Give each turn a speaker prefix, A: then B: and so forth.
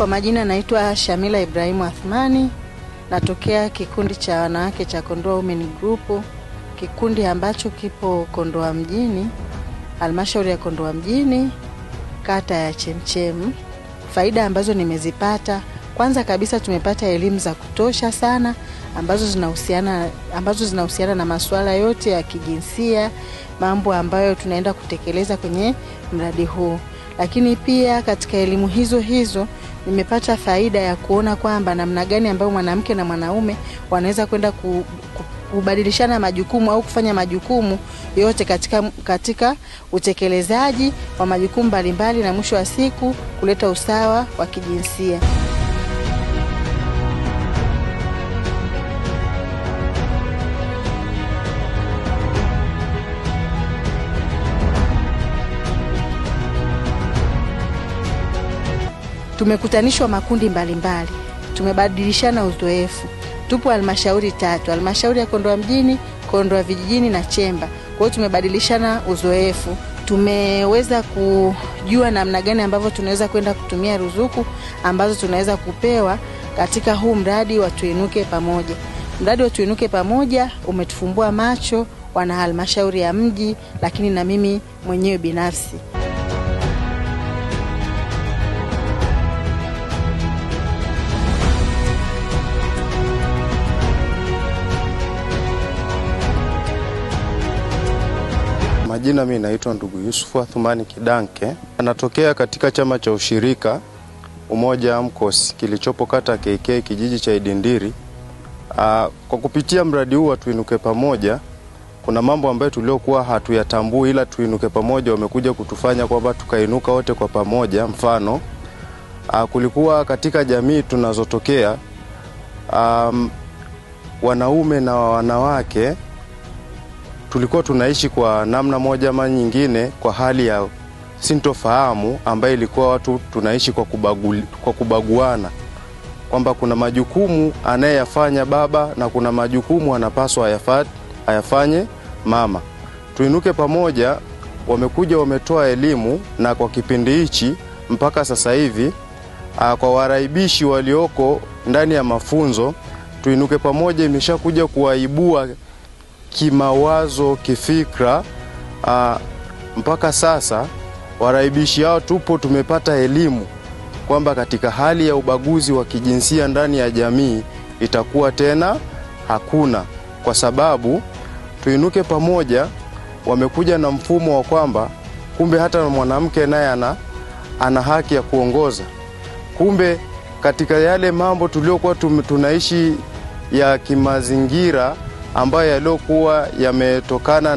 A: Kwa majina naitwa Shamila Ibrahimu Athmani, natokea kikundi cha wanawake cha Kondoa Women Group, kikundi ambacho kipo Kondoa mjini, halmashauri ya Kondoa mjini, kata ya Chemchem. Faida ambazo nimezipata, kwanza kabisa tumepata elimu za kutosha sana ambazo zinahusiana ambazo zinahusiana na masuala yote ya kijinsia, mambo ambayo tunaenda kutekeleza kwenye mradi huu. Lakini pia katika elimu hizo hizo nimepata faida ya kuona kwamba namna gani ambayo mwanamke na mwanaume wanaweza kwenda ku, ku, kubadilishana majukumu au kufanya majukumu yote katika, katika utekelezaji wa majukumu mbalimbali na mwisho wa siku kuleta usawa wa kijinsia. Tumekutanishwa makundi mbalimbali mbali. Tumebadilishana uzoefu. Tupo halmashauri tatu, halmashauri ya Kondoa mjini, Kondoa vijijini na Chemba. Kwa hiyo tumebadilishana uzoefu, tumeweza kujua namna gani ambavyo tunaweza kwenda kutumia ruzuku ambazo tunaweza kupewa katika huu mradi wa Tuinuke Pamoja. Mradi wa Tuinuke Pamoja umetufumbua macho wana halmashauri ya mji, lakini na mimi mwenyewe binafsi.
B: Majina mi naitwa ndugu Yusufu Athumani Kidanke, anatokea katika chama cha ushirika Umoja AMCOS kilichopo kata KK kijiji cha Idindiri. Aa, ah, kwa kupitia mradi huu wa Tuinuke Pamoja kuna mambo ambayo tuliokuwa hatuyatambui, ila Tuinuke Pamoja wamekuja kutufanya kwamba tukainuka wote kwa pamoja. Mfano aa, ah, kulikuwa katika jamii tunazotokea um, wanaume na wanawake tulikuwa tunaishi kwa namna moja ama nyingine kwa hali ya sintofahamu ambayo ilikuwa watu tunaishi kwa, kubagu, kwa kubaguana kwamba kuna majukumu anayeyafanya baba na kuna majukumu anapaswa ayafanye mama. Tuinuke Pamoja wamekuja wametoa elimu, na kwa kipindi hichi mpaka sasa hivi ah, kwa waraibishi walioko ndani ya mafunzo Tuinuke Pamoja imeshakuja kuwaibua kimawazo, kifikra. a, ah, mpaka sasa waraibishi hao tupo tumepata elimu kwamba katika hali ya ubaguzi wa kijinsia ndani ya jamii itakuwa tena hakuna, kwa sababu tuinuke pamoja wamekuja na mfumo wa kwamba kumbe hata mwanamke naye ana, ana haki ya kuongoza. Kumbe katika yale mambo tuliokuwa tunaishi ya kimazingira ambayo yaliyokuwa yametokana na